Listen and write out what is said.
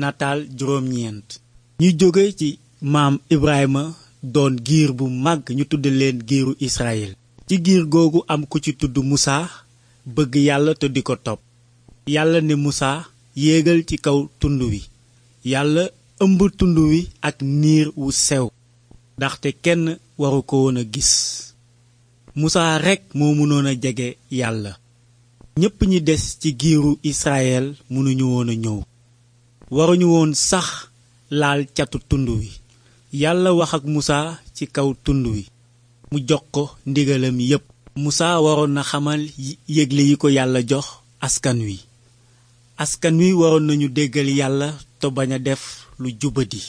nataal juróom ñu jóge ci maam Ibrahima doon giir bu màgg ñu tudd leen giiru Israël. ci giir googu am ku ci tudd Musaa bëgg yàlla te di ko topp yàlla ne Musaa yéegal ci kaw tund wi yàlla ëmb tund wi ak niir wu sew ndaxte kenn waru ko woon a gis musa rekk moo mënoon a jege yàlla ñépp ñi des ci giiru Israël mënuñu woon a ñëw waruñu woon sax laal catu tund wi yàlla wax ak musa ci kaw tund wi mu jox ko ndigalam yépp musaa waroon na xamal yégle yi ko yàlla jox askan wi askan wi waroon nañu déggal yàlla tobañ a def lu jubadi